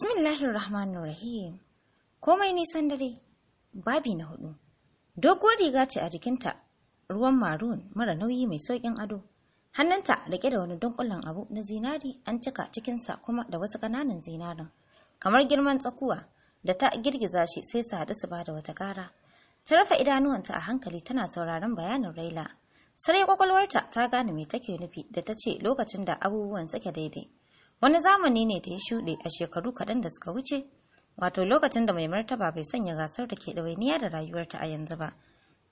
Bismillahir Rahmanir Rahim. Komai nisan dare, babi na hudu. Dogon riga ce a jikinta, ruwan maroon mara nauyi mai saukin ado. Hannanta rike da wani dunkulen abu na zinari an cika cikin sa kuma da wasu ƙananan zinarin. Kamar girman tsakuwa da ta girgiza shi sai su haɗu su bada wata ƙara. Ta rufe idanuwanta a hankali tana sauraron bayanin Raila. Sarai kwakwalwarta ta gane me take nufi da ta ce lokacin da abubuwan suke daidai. wani zamani ne da ya shuɗe a shekaru kaɗan da suka wuce wato lokacin da mai martaba bai sanya gasar da ke ɗawainiya da rayuwarta a yanzu ba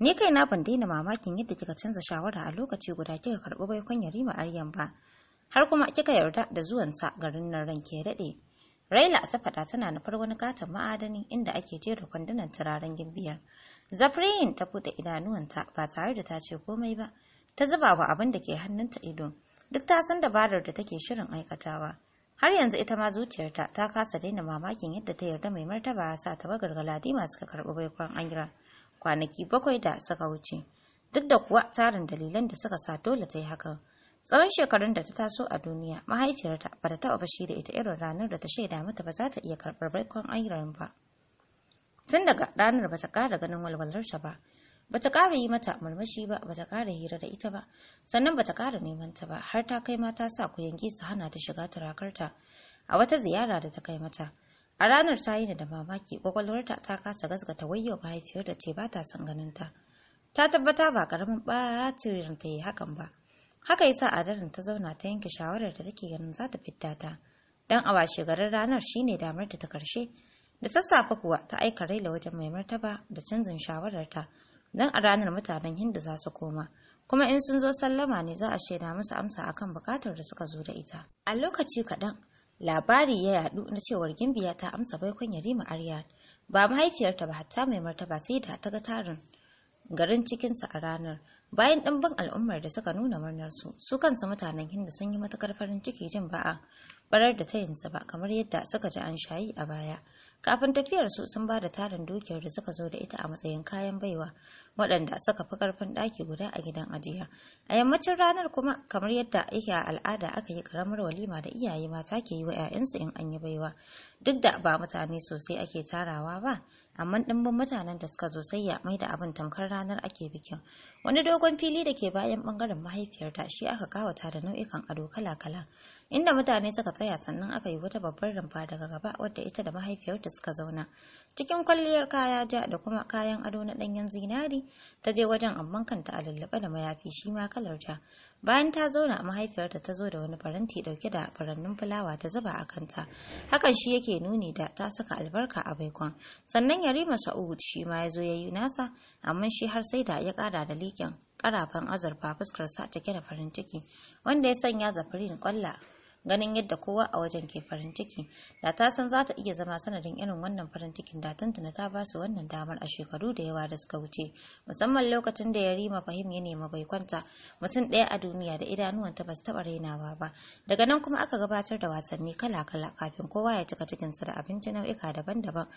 ni kai na ban daina mamakin yadda kika canza shawara a lokaci guda kika karɓi baikon yarima aryan ba har kuma kika yarda da zuwansa garin nan ran ke daɗe raila ta faɗa tana nufar wani katon ma'adani inda ake jera kwandunan turaren gimbiyar Zafirin ta buɗe idanuwanta ba tare da ta ce komai ba ta zuba wa abin da ke hannunta ido duk ta san dabarar da take shirin aikatawa har yanzu ita ma zuciyarta ta kasa daina mamakin yadda ta yarda mai martaba ya sa ta bagar galadima suka karɓi baikon angira kwanaki bakwai da suka wuce duk da kuwa tarin dalilan da suka sa dole ta yi hakan tsawon shekarun da ta taso a duniya mahaifiyarta ba ta taɓa bashi da ita irin ranar da ta shaida mata ba za ta iya karɓar baikon angiran ba tun daga ranar ba ta ƙara ganin walwalarta ba bata ƙara yi mata murmushi ba bata ƙara hira da ita ba sannan bata ƙara neman ta ba har ta kai mata sa ku yanki su hana ta shiga turakarta a wata ziyara da ta kai mata a ranar ta yi da mamaki kwakwalwarta ta kasa gasgata wayo da ce ba ta son ganin ta ta tabbata ba karamin ɓacin ta yi hakan ba haka yasa a daren ta zauna ta yanke shawarar da take ganin za ta fidda ta dan a washe garin ranar shine damar ta karshe da sassafe kuwa ta aika raila wajen mai martaba da canjin shawararta don a ranar mutanen hindu za su koma kuma in sun zo sallama ne za a shaida musu amsa akan bukatar da suka zo da ita a lokaci kaɗan labari ya yadu na cewar gimbiya ta amsa baikon yarima arya ba mahaifiyarta ba hatta mai martaba sai da ta ga tarin garin cikinsa a ranar bayan ɗimbin al'ummar da suka nuna murnar su su kansu mutanen hindu sun yi matakar farin ciki jin ba'a barar da ta yinsa ba kamar yadda suka ji an shayi a baya kafin tafiyarsu sun ba da tarin dukiyar da suka zo da ita a matsayin kayan baiwa waɗanda suka fi ƙarfin ɗaki guda a gidan ajiya a yammacin ranar kuma kamar yadda yake a al'ada aka yi ƙaramar walima da iyaye mata ke yi wa 'ya'yansu in an yi baiwa duk da ba mutane sosai ake tarawa ba amma ɗimbin mutanen da suka zo sai ya mai da abin tamkar ranar ake bikin wani dogon fili da ke bayan ɓangaren mahaifiyarta shi aka kawata da nau'ikan ado kala-kala inda mutane suka tsaya sannan aka yi wata babbar rumfa daga gaba wadda ita da mahaifiyarta suka zauna cikin kwalliyar kaya ja da kuma kayan ado na ɗanyen zinari ta je wajen amman kanta a lullube da mayafi shi ma kalar ja bayan ta zauna a mahaifiyarta ta zo da wani faranti dauke da farannin fulawa ta zuba a kanta hakan shi yake nuni da ta saka albarka a baikon sannan yarima sa'ud shi ma ya zo ya yi nasa amma shi har sai da ya kara da leƙen karafan azurfa fuskarsa cike da farin ciki wanda ya sanya zafrin kwalla ganin yadda kowa a wajen ke farin ciki da ta san za ta iya zama sanadin irin wannan farin cikin da tuntuna ta ba su wannan damar a shekaru da yawa da suka wuce musamman lokacin da yarima fahim ya nema baikonta mutum ɗaya a duniya da idanuwanta ba su taɓa rainawa ba daga nan kuma aka gabatar da wasanni kala-kala kafin kowa ya cika cikinsa da abinci nau'ika daban-daban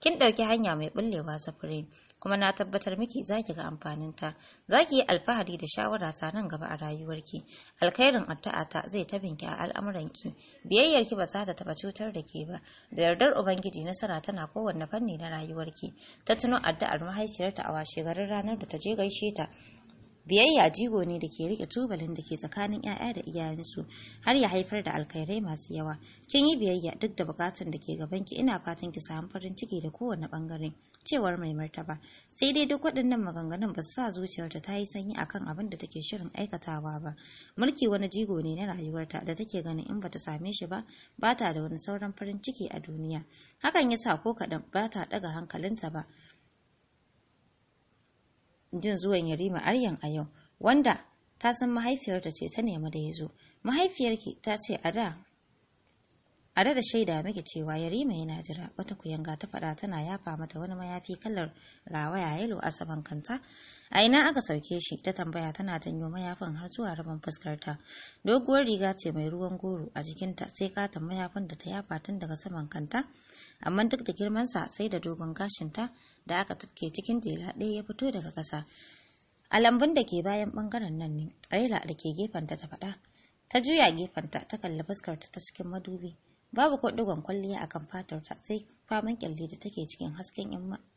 kin ɗauki hanya mai ɓullewa sufurin kuma na tabbatar miki za ki ga amfaninta za ki yi alfahari da shawara ta nan gaba a rayuwarki alkhairin addu'a ta zai ta binki a al'amuran al'amuranki biyayyarki ba za ta taba cutar da ke ba da yardar ubangiji nasara tana kowanne fanni na rayuwarki ta tuno addu'ar mahaifiyarta a washe garin ranar da ta je gaishe ta Biyayya jigo ne da ke rike tubalin da ke tsakanin 'ya'ya da iyayensu har ya haifar da alkhairai masu yawa. Kin yi biyayya duk da bukatun da ke gabanki ina fatan ki samu farin ciki da kowane bangare. Cewar mai martaba. Sai dai duk waɗannan maganganun ba su sa zuciyarta ta yi sanyi akan abin da take shirin aikatawa ba. Mulki wani jigo ne na rayuwarta da take ganin in bata same shi ba ba ta da wani sauran farin ciki a duniya. Hakan ya sa ko kaɗan ba ta ɗaga hankalinta ba. jin zuwan Yarima Aryan a yau, wanda ta san mahaifiyarta ce ta nemi da ya zo. Mahaifiyarki ta ce a da a da shaida miki cewa Yarima yana jira wata kuyanga ta faɗa tana yafa mata wani mayafi kalar rawaya yalo a saman kanta. A ina aka sauke shi ta tambaya tana tanyo mayafin har zuwa rabin fuskarta. Doguwar riga ce mai ruwan goro a jikinta sai katon mayafin da ta yafa tun daga saman kanta. Amma duk da girmansa sai da dogon gashinta da aka tafke cikin jela ɗaya ya fito daga ƙasa. A lambun da ke bayan ɓangaren nan ne, Raila da ke gefenta ta faɗa. Ta juya gefenta ta kalli fuskarta ta cikin madubi. Babu ko kwalliya a kan fatarta sai faman kyalli da take cikin hasken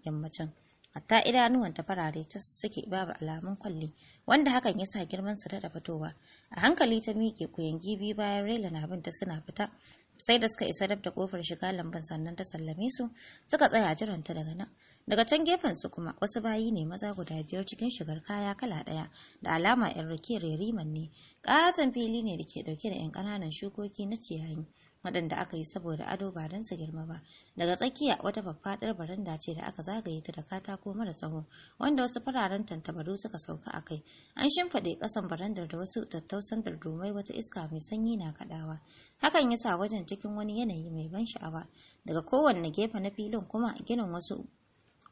yammacin. Hatta idanuwanta farare ta suke babu alamun kwalli, wanda hakan ya sa girman su daɗa fitowa. A hankali ta miƙe kuyangi gibi bayan Raila na binta suna fita. Sai da suka isa dab da kofar shiga lambun sannan ta sallame su, suka tsaya jiranta daga nan. daga can gefen su kuma wasu bayi ne maza guda biyar cikin shigar kaya kala ɗaya da alama yan rakiyar yariman ne katon fili ne da ke ɗauke da yan ƙananan shukoki na ciyayi waɗanda aka yi saboda ado ba don su girma ba daga tsakiya wata faffaɗar baranda ce da aka zagaye ta da katako mara tsawo wanda wasu fararen tantabaru suka sauka a kai an shimfiɗe ƙasan barandar da wasu tattausan dardumai wata iska mai sanyi na kaɗawa hakan ya sa wajen cikin wani yanayi mai ban sha'awa daga kowanne gefe na filin kuma ginin wasu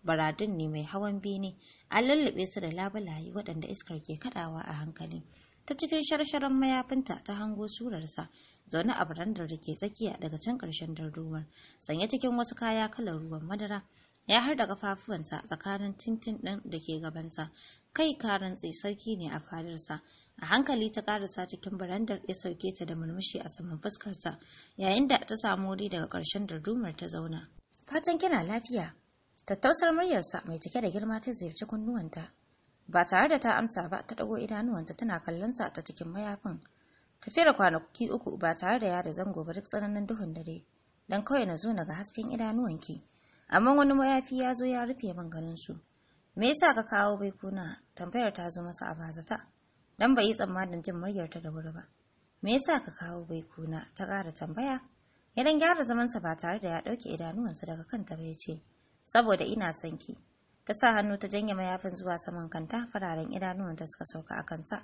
baradun ne mai hawan bene an lullube su da labulaye waɗanda iskar ke kaɗawa a hankali ta cikin sharsharan mayafinta ta hango surarsa zaune a barandar da ke tsakiya daga can ƙarshen dardumar sanye cikin wasu kaya kalar ruwan madara ya harda kafafuwansa tsakanin tintin ɗin da ke gabansa kai rantse sarki ne a fadarsa a hankali ta karasa cikin barandar ya sauke ta da murmushi a saman fuskarsa yayin da ta samu wuri daga ƙarshen dardumar ta zauna fatan kina lafiya tattausar muryarsa mai cike da girma ta ziyarci kunnuwanta ba tare da ta amsa ba ta ɗago idanuwanta tana kallon kallonsa ta cikin mayafin tafiyar kwanaki uku ba tare da ya da zango ba duk tsananin duhun dare dan kawai na zo na ga hasken idanuwanki amma wani mayafi ya zo ya rufe min ganin su me yasa ka kawo bai kuna tambayar ta zo masa a bazata dan bai yi tsammanin jin muryarta da wuri ba me yasa ka kawo bai kuna ta ƙara tambaya ya dan gyara zamansa ba tare da ya ɗauke idanuwansa daga kanta ba ya ce saboda ina son ki ta sa hannu ta janye mayafin zuwa saman kanta fararen ta suka sauka a kansa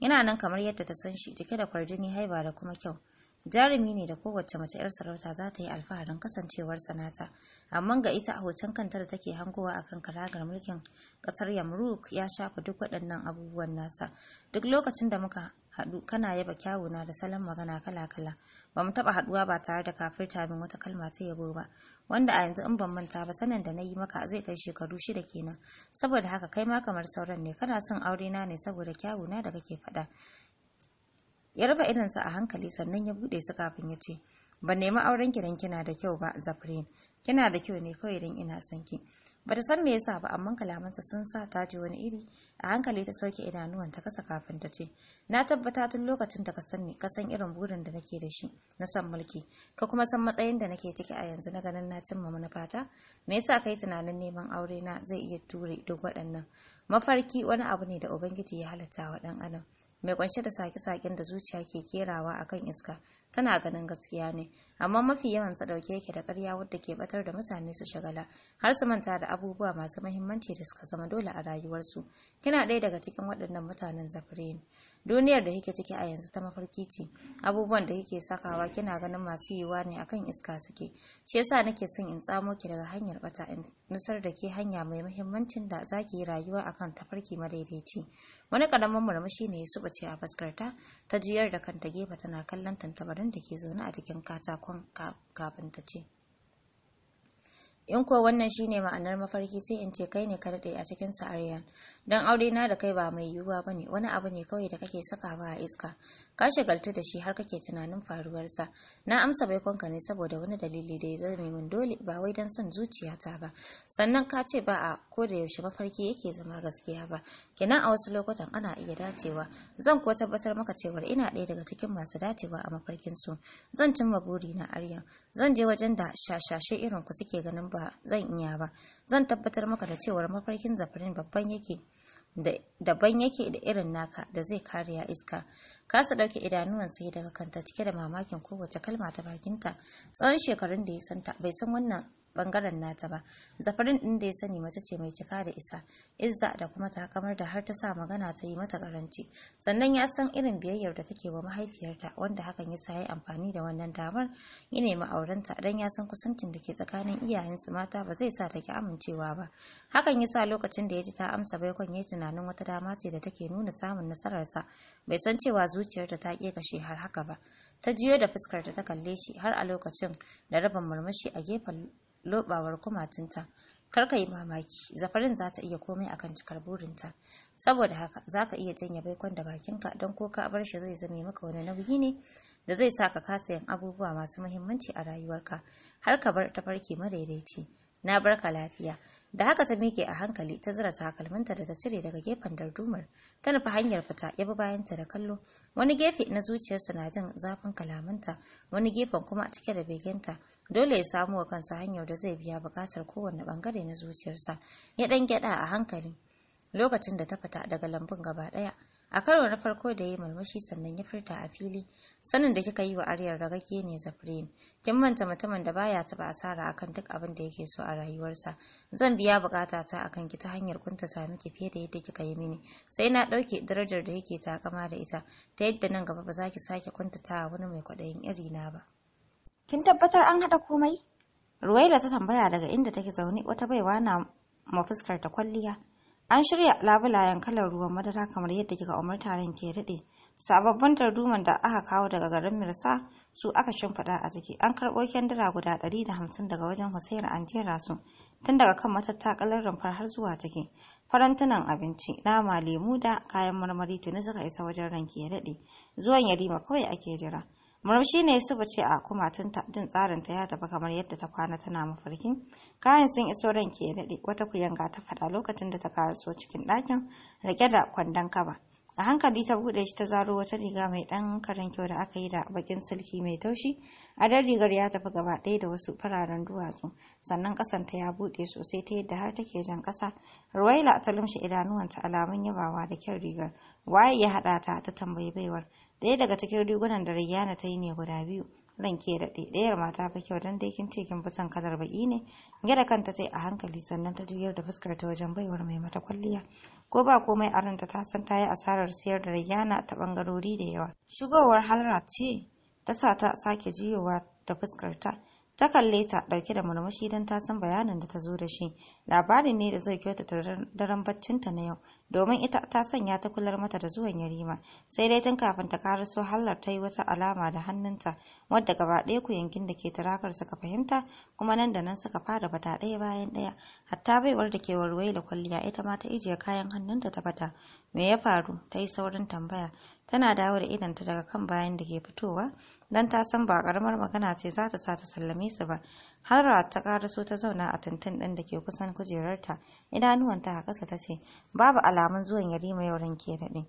yana nan kamar yadda ta san shi cike da kwarjini haiba da kuma kyau jarumi ne da kowace mace 'yar sarauta za ta yi alfaharin kasancewar sanata amma ga ita a hoton kanta da take hangowa a kan karagar mulkin kasar yamruk ya shafa duk waɗannan abubuwan nasa duk lokacin da muka haɗu kana yaba kyawuna da salon magana kala-kala ba mu taɓa haɗuwa ba tare da kafirta min wata kalma ta yabo ba wanda a yanzu in ban manta ba sanin da na yi maka zai kai shekaru shida kenan saboda haka kai ma kamar sauran ne kana son aure na ne saboda kyawu na da kake faɗa ya rufe sa a hankali sannan ya buɗe su kafin ya ce ban nemi auren ki kina da kyau ba zafrin kina da kyau ne kawai dan ina son ki bata san me yasa ba amma kalamansa sun sa ta ji wani iri a hankali ta sauke idanuwan ta kasa kafin ta ce na tabbata tun lokacin da ka san ka san irin burin da nake da shi na san mulki ka kuma san matsayin da nake ciki a yanzu na ganin na cimma manufata me yasa kai tunanin neman aure na zai iya ture duk waɗannan mafarki wani abu ne da ubangiji ya halatta wa ɗan adam mai kunshe da sake-saken da zuciya ke kerawa akan iska tana ganin gaskiya ne amma mafi yawan sa dauke yake da ƙarya wadda ke batar da mutane su shagala har su manta da abubuwa masu muhimmanci da suka zama dole a rayuwarsu kina ɗaya daga cikin waɗannan mutanen zafirin duniyar da kike ciki a yanzu ta mafarki ce abubuwan da kike sakawa kina ganin masu yiwuwa ne akan iska suke shi yasa nake son in tsamo ki daga hanyar bata in nusar da ke hanya mai muhimmancin da zaki yi rayuwa akan tafarki madaidaici wani karamin murmushi ne ya subace a fuskarta ta juyar da kanta gefe tana kallon tantabarin da ke zaune a jikin katako farkon kafin ta ce in kuwa wannan shi ne ma'anar mafarki sai in ce kai ne ka daɗe a cikin sa'ariyar don aure na da kai ba mai yiwuwa ba ne wani abu ne kawai da kake sakawa a iska ka shagalta da shi har kake tunanin faruwarsa na amsa baikonka ne saboda wani dalili da ya zama min dole ba wai don son zuciyata ba sannan ka ce ba a ko da yaushe mafarki yake zama gaskiya ba kenan a wasu lokutan ana iya dacewa zan kuwa tabbatar maka cewar ina ɗaya daga cikin masu dacewa a mafarkin su zan cimma buri na aryan zan je wajen da shashashe irin ku suke ganin ba zan iya ba zan tabbatar maka da cewar mafarkin zafarin babban yake daban yake da irin naka da zai kariya iska kasa ɗauke idanuwan sai daga kanta cike da mamakin kowace kalma ta bakinta tsawon shekarun da ya santa bai san wannan bangaren nata ba zafarin din da ya sani mace ce mai cika da isa izza da kuma takamar da har ta sa magana ta yi mata karanci sannan ya san irin biyayyar da take wa mahaifiyarta wanda hakan ya sa ya amfani da wannan damar ya nemi aurenta dan ya san kusancin da ke tsakanin iyayensu mata ba zai sa ta ki amincewa ba hakan ya sa lokacin da ya ji ta amsa baikon ya tunanin wata dama ce da take nuna samun nasararsa bai san cewa zuciyarta ta ke kashe har haka ba ta jiyo da fuskarta ta kalle shi har a lokacin da rabin murmushi a gefen lobawar kumatunta kar ka yi mamaki zafarin za ta iya komai a akan cikar burinta saboda haka za ka iya janye baikon da bakinka don ko ka bar shi zai zame maka wani nauyi ne da zai sa ka kasa yin abubuwa masu muhimmanci a rayuwarka har ka bar tafarki madaidaici na barka lafiya da haka ta miƙe a hankali ta zira takalminta da ta cire daga gefen dardumar ta nufi hanyar fita ya bi bayanta da kallo wani gefe na zuciyarsa na jin zafin kalamanta wani gefen kuma a cike da begenta dole ya samu wa kansa hanyar da zai biya bukatar kowane bangare na zuciyarsa ya dan gyada a hankali lokacin da ta fita daga lambun gaba daya a karo na farko da ya yi murmushi sannan ya furta a fili sanin da kika yi wa aryar ragage ne zafrin kin manta mutumin da baya taba asara akan duk abin da yake so a rayuwarsa zan biya bukata ta akan ki ta hanyar kunta ta miki fiye da yadda kika yi mini sai na ɗauke darajar da yake takama da ita ta yadda nan gaba ba za ki sake kunta kuntata wani mai kwaɗayin iri na ba kin tabbatar an haɗa komai ruwaila ta tambaya daga inda take zaune wata baiwa na mafuskar ta kwalliya An shirya labulayen kalar ruwan madara kamar yadda kika umarta ran ke daɗe. Sababbin darduman da aka kawo daga garin Mirsa su aka shimfiɗa a ciki. An karɓo kyandira guda ɗari da hamsin daga wajen Hussein an jera su tun daga kan matattakalar rumfar har zuwa ciki. Farantunan abinci, nama, lemu da kayan marmari tuni suka isa wajen ranki ya daɗe. Zuwan Yarima kawai ake jira. murmushi ne su ce a kumatunta jin tsarin ta ya tafi kamar yadda ta kwana tana mafarkin kayan sun iso ran ke daɗe wata kuyanga ta faɗa lokacin da ta karaso cikin ɗakin rike da kwandon kaba a hankali ta buɗe shi ta zaro wata riga mai ɗan karen kyau da aka yi da bakin silki mai taushi a dan rigar ya tafi gaba ɗaya da wasu fararen duwatsu sannan ta ya buɗe sosai ta yadda har take jan ƙasa ruwaila ta lumshe idanuwanta alamun yabawa da kyan rigar waye ya haɗa ta ta tambayi baiwar daya daga cikin rigunan da Rayyana ta yi ne guda biyu ranke ke ɗaya ɗayar mata fa kyau don dai kin ce kin fi son kalar baƙi ne gida kanta yi a hankali sannan ta juyar da fuskar ta wajen baiwar mai mata kwalliya ko ba komai a ranta ta san ta yi asarar siyar da rayyana ta ɓangarori da yawa shigowar halra ce ta sa ta sake jiyowa da fuskar ta ta kalle ta dauke da murmushi don ta san bayanin da ta zo da shi labarin ne da zai kyauta ta daren baccinta na yau domin ita ta sanya ta kular mata da zuwan yarima sai dai tun kafin ta kara karaso hallar ta yi wata alama da hannunta wadda gaba ɗaya ku yankin da ke tarakar suka fahimta kuma nan da nan suka fara bata ɗaya bayan ɗaya hatta baiwar da ke warwaye da kwalliya ita ma ta ijiye kayan hannunta ta bata me ya faru ta yi saurin tambaya tana dawo da idanta daga kan bayan da ke fitowa don ta san ba karamar magana ce za ta sa ta sallame su ba har ta karaso ta zauna a tantan ɗin da ke kusan kujerarta idanuwanta a ƙasa ta ce babu alamun zuwan yarima yau ranke daɗe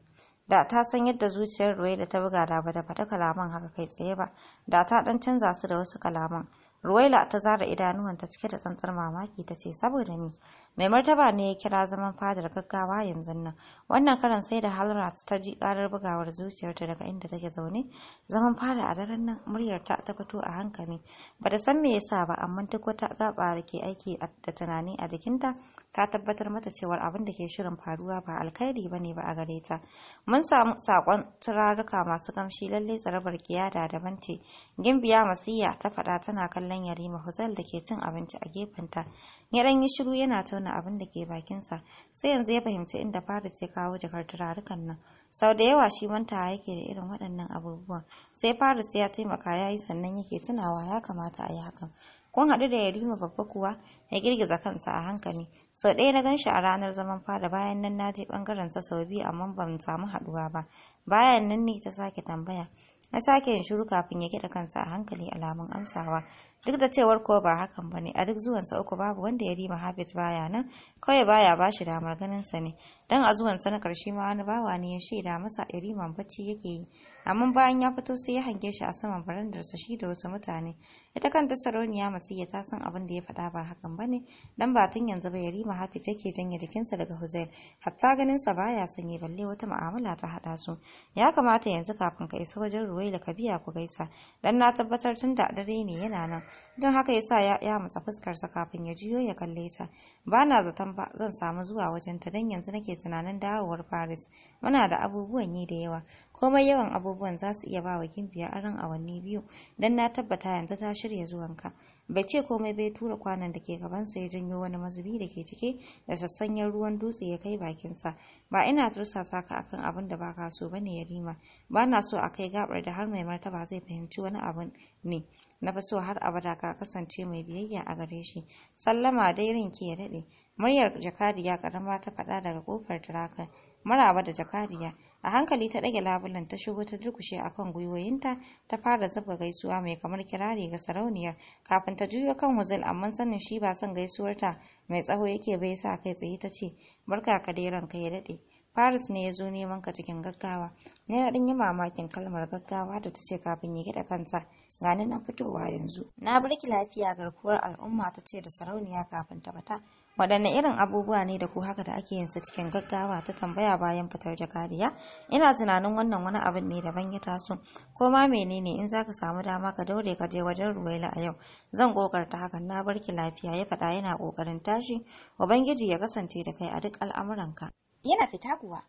da ta san yadda zuciyar ruwai da ta buga da ba da faɗi kalaman haka kai tsaye ba da ta ɗan canza su da wasu kalaman Ruwaila ta zara idanuwanta cike da tsantsar mamaki ta ce saboda ni mai martaba ne ya kira zaman fadar gaggawa yanzu nan wannan karan sai da Halrat ta ji karar bugawar zuciyarta daga inda take zaune zaman fada a daren nan muryarta ta fito a hankali ba bata san me yasa ba amma duk wata gaba da ke aiki da tunani a jikinta ta tabbatar mata cewar abin da ke shirin faruwa ba alkhairi ba ne ba a gare ta mun samu sakon turaruka masu kamshi lalle tsarabar kiyada daban ce gimbiya masiya ta faɗa tana kallon yarima mahuzal da ke cin abinci a gefenta ya ɗan yi shiru yana tauna abin da ke bakinsa sai yanzu ya fahimci inda faris ya kawo jakar turarukan nan sau da yawa shi mantawa yake da irin waɗannan abubuwan sai faris ya taimaka ya yi sannan yake tunawa ya kamata a yi hakan kun haɗu da yarima babba kuwa ya girgiza kansa a hankali sau ɗaya na ganshi a ranar zaman fada bayan nan na je ɓangaren sa sau biyu amma ban samu haɗuwa ba bayan nan ne ta sake tambaya na sake yin shiru kafin ya gida kansa a hankali alamun amsawa duk da cewar ko ba hakan ba ne a duk zuwansa uku babu wanda ya rima habit baya nan kawai baya ba shi damar ganinsa ne don a zuwansa na karshe ma wani bawa ne ya shaida masa iriman bacci yake yi amma bayan ya fito sai ya hange shi a saman barandarsa shi da wasu mutane ita kanta sarauniya masiyya ta san abin da ya faɗa ba hakan ba ne dan ba tun yanzu ba ya rima habit yake janye jikinsa daga huzail hatta ganinsa baya sanye balle wata mu'amala ta haɗa su ya kamata yanzu kafin ka isa wajen da ka biya ku gaisa dan na tabbatar tun da dare ne yana nan don haka ya sa ya ya masa fuskarsa kafin ya juyo ya kalle ta ba na zaton ba zan samu zuwa wajen ta don yanzu nake tunanin dawowar paris muna da abubuwan yi da yawa komai yawan abubuwan za su iya ba wa gimbiya aron awanni biyu don na tabbata yanzu ta shirya ka bai ce komai bai tura kwanan da ke gabansa ya janyo wani mazubi da ke cike da sassanyen ruwan dutse ya kai bakinsa ba ina tursasa ka akan abin da baka so bane yarima ba na so a kai gabar da har mai martaba zai fahimci wani abin ne na fi so har abada ka kasance mai biyayya a gare shi sallama dai ranki ya daɗe muryar jakadiya karama ta fada daga kofar tirakar maraba da jakadiya a hankali ta ɗage labulan ta shigo ta durkushe a kan gwiwoyinta ta fara zuba gaisuwa mai kamar kirari ga sarauniyar kafin ta juyo kan wuzil amma sanin shi ba son gaisuwarta mai tsaho yake bai sa kai tsaye ta ce barka ka dai ranka ya daɗe Paris ne ya zo neman ka cikin gaggawa. ne na ɗin yi mamakin kalmar gaggawa da ta ce kafin ya gida kansa. gani na fitowa yanzu na barki lafiya garkuwar al'umma ta ce da sarauniya kafin ta fita waɗanne irin abubuwa ne da ku haka da ake yinsa cikin gaggawa ta tambaya bayan fitar jakadiya ina tunanin wannan wani abin ne daban ya taso ko ma menene in zaka samu dama ka daure ka je wajen ruwaila a yau zan kokarta hakan na barki lafiya ya faɗa yana kokarin tashi ubangiji ya kasance da kai a duk al'amuranka yana fita kuwa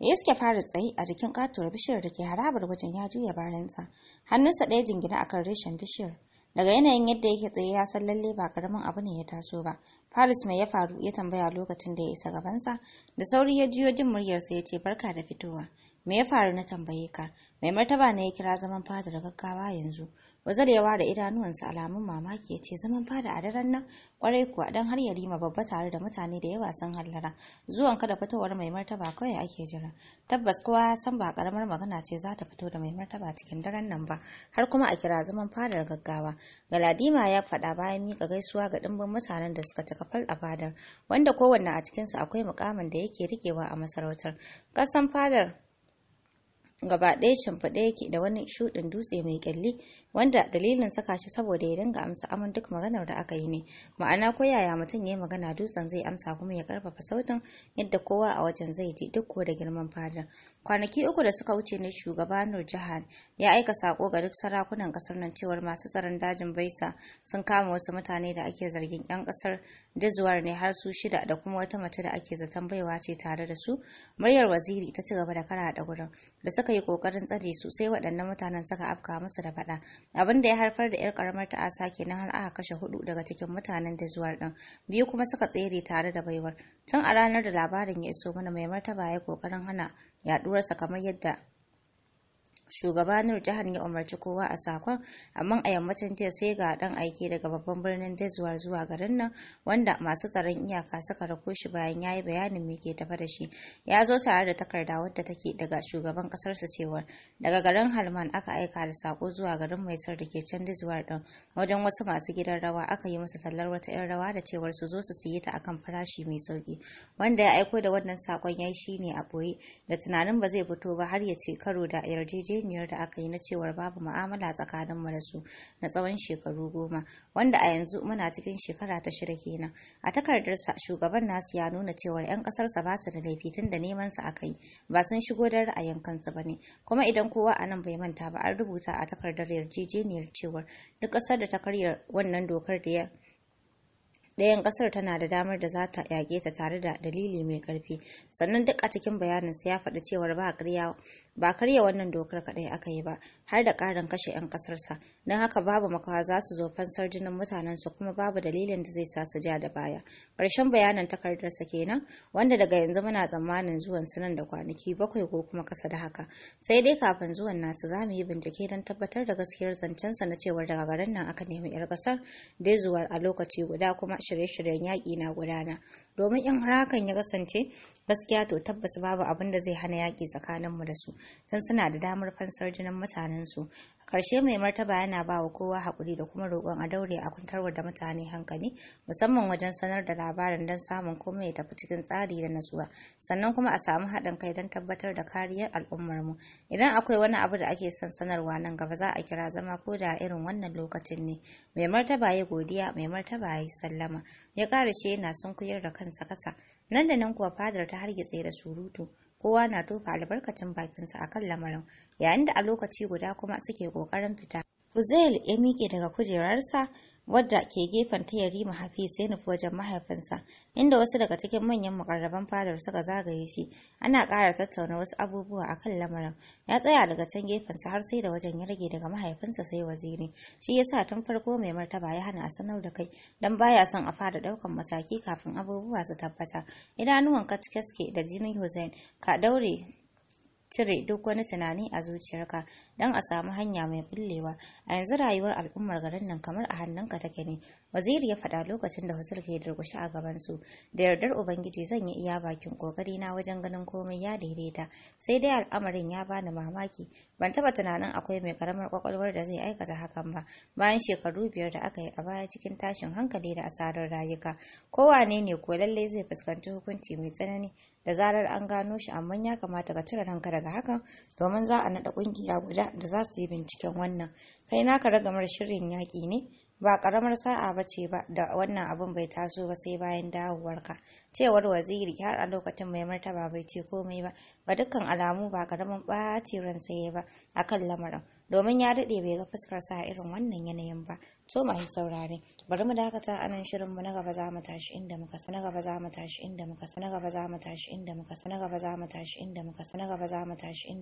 ya suke fara tsaye a jikin katuwar bishiyar da ke harabar wajen ya juya bayansa hannunsa ɗaya jingina a kan reshen bishiyar daga yanayin yadda yake tsaye ya san lalle ba karamin abu ne ya taso ba faris mai ya faru ya tambaya lokacin da ya isa gaban sa da sauri ya juyo jin muryarsa ya ce barka da fitowa me ya faru na tambaye ka mai martaba ne ya kira zaman fadar gaggawa yanzu Wazir da ware idanuwansa alamun mamaki ya ce zaman fada a daren nan kwarai kuwa dan har ya yarima babba tare da mutane da yawa sun hallara zuwan kada fitowar mai martaba kawai ake jira tabbas kowa ya san ba karamar magana ce za ta fito da mai martaba cikin daren nan ba har kuma a kira zaman fadar gaggawa galadima ya faɗa bayan mika gaisuwa ga ɗimbin mutanen da suka cika fal a fadar wanda kowanne a cikinsu akwai mukamin da yake rikewa a masarautar kasan fadar gaba ɗaya shimfiɗe yake da wani shuɗin dutse mai ƙyalli wanda dalilin saka shi saboda ya dinga amsa amon duk maganar da aka yi ne ma'ana ko yaya mutum ya yi magana dutsen zai amsa kuma ya karfafa sautin yadda kowa a wajen zai ji duk ko da girman fadar kwanaki uku da suka wuce ne shugaba nur jahan ya aika sako ga duk sarakunan kasar nan cewar masu tsaron dajin baisa sun kama wasu mutane da ake zargin yan kasar dizuwar ne har su shida da kuma wata mace da ake zaton baiwa ce tare da su muryar waziri ta ci gaba da kara da gurin da suka suka yi kokarin tsare su sai waɗannan mutanen suka afka musu da faɗa abin da ya haifar da yar karamar ta'asa kenan har aka kashe hudu daga cikin mutanen da zuwar din biyu kuma suka tsere tare da baiwar tun a ranar da labarin ya iso mana mai martaba ya kokarin hana yaɗuwarsa kamar yadda shugaba nur jihar ya umarci kowa a sakon amma a yammacin jiya sai ga dan aiki daga babban birnin dezuwar zuwa garin nan wanda masu tsaron iyaka suka rako shi bayan ya yi bayanin me ke tafa da shi ya zo tare da takarda wadda take daga shugaban kasar su cewar daga garin halman aka aika da sako zuwa garin mai sar da ke can dezuwar din wajen wasu masu gidan rawa aka yi musu tallar wata yan rawa da cewar su zo su siye ta akan farashi mai sauki wanda ya aiko da wannan sakon ya yi shine a boye da tunanin ba zai fito ba har ya ce karo da yarjeje yarjejeniyar da aka yi na cewar babu mu'amala tsakaninmu da su na tsawon shekaru goma wanda a yanzu muna cikin shekara ta shida kenan a takardarsa shugaban nasu ya nuna cewar 'yan ƙasarsa ba su da laifi tun da neman su aka yi ba sun shigo da ra'ayin kansu ba ne kuma idan kowa a nan bai manta ba an rubuta a takardar yarjejeniyar cewar duk ƙasar da ta karya wannan dokar da ya ɗayan ƙasar tana da damar da za ta yage ta tare da dalili mai ƙarfi sannan duk a cikin bayanin bayaninsa ya faɗi cewar ba karya wannan dokar kaɗai aka yi ba har da ƙarin kashe 'yan ƙasarsa don haka babu makawa za su zo fansar jinin mutanensu kuma babu dalilin da zai sa su ja da baya ƙarshen bayanin takardarsa kenan wanda daga yanzu muna tsammanin zuwan su nan da kwanaki bakwai ko kuma ƙasa da haka sai dai kafin zuwan nasu za mu yi bincike don tabbatar da gaskiyar zancensa na cewar daga garin nan aka nemi 'yar ƙasar dai zuwar a lokaci guda kuma shirye-shiryen yaƙi na gudana domin in har hakan ya kasance gaskiya to tabbas babu abin da zai hana yaƙi tsakaninmu da su don suna da damar fansar jinin mutanensu karshe mai martaba yana ba wa kowa haƙuri da kuma roƙon a daure a kwantarwa da mutane hankali musamman wajen sanar da labarin don samun komai ya tafi cikin tsari da natsuwa sannan kuma a samu haɗin kai don tabbatar da kariyar al'ummarmu. idan akwai wani abu da ake son sanarwa nan gaba za a kira zama ko da irin wannan lokacin ne mai martaba ya godiya mai martaba ya sallama ya ƙara ce yana sunkuyar da kansa kasa nan da nan kuwa fadar ta hargitse da surutu kowa na tofa albarkacin bakinsa a kan lamarin yayin da a lokaci guda kuma suke ƙoƙarin fita Fuzail ya miƙe daga kujerarsa wadda ke gefen ta ma Hafiz sai nufi wajen mahaifinsa, inda wasu daga cikin manyan makarraban fadar suka zagaye shi, ana ƙara tattauna wasu abubuwa a kan lamarin. Ya tsaya daga can gefensa har sai da wajen ya rage daga mahaifinsa sai waziri. Shi ya sa tun farko mai martaba ya hana a sanar da kai, don baya son a fara ɗaukan mataki kafin abubuwa su tabbata. Idanuwan katkeske da jinin Hussein ka daure cire duk wani tunani a zuciyarka don a samu hanya mai bullewa a yanzu rayuwar al'ummar garin nan kamar a hannunka take ne waziri ya faɗa lokacin da hotel ke durgushi a gabansu da yardar ubangiji zan yi iya bakin kokari na wajen ganin komai ya daidaita sai dai al'amarin ya bani mamaki ban taɓa tunanin akwai mai karamar kwakwalwar da zai aikata hakan ba bayan shekaru biyar da aka yi a baya cikin tashin hankali da asarar rayuka kowane ne ko lallai zai fuskanci hukunci mai tsanani da zarar an gano shi amma ya kamata ka cire ranka daga hakan domin za a naɗa ƙungiya guda da za su yi binciken wannan kai naka ragamar shirin yaƙi ne ba ƙaramar sa'a ba ce ba da wannan abin bai taso ba sai bayan dawowarka cewar waziri har a lokacin mai martaba bai ce komai ba ba dukkan alamu ba ƙaramin ɓaci ran sai ba a kan lamarin domin ya daɗe bai ga fuskar sa irin wannan yanayin ba to mai saurare bari mu dakata a nan shirin mu na gaba za mu tashi inda muka na gaba za mu tashi inda muka na gaba za mu tashi inda muka na gaba za mu tashi inda muka na gaba za mu tashi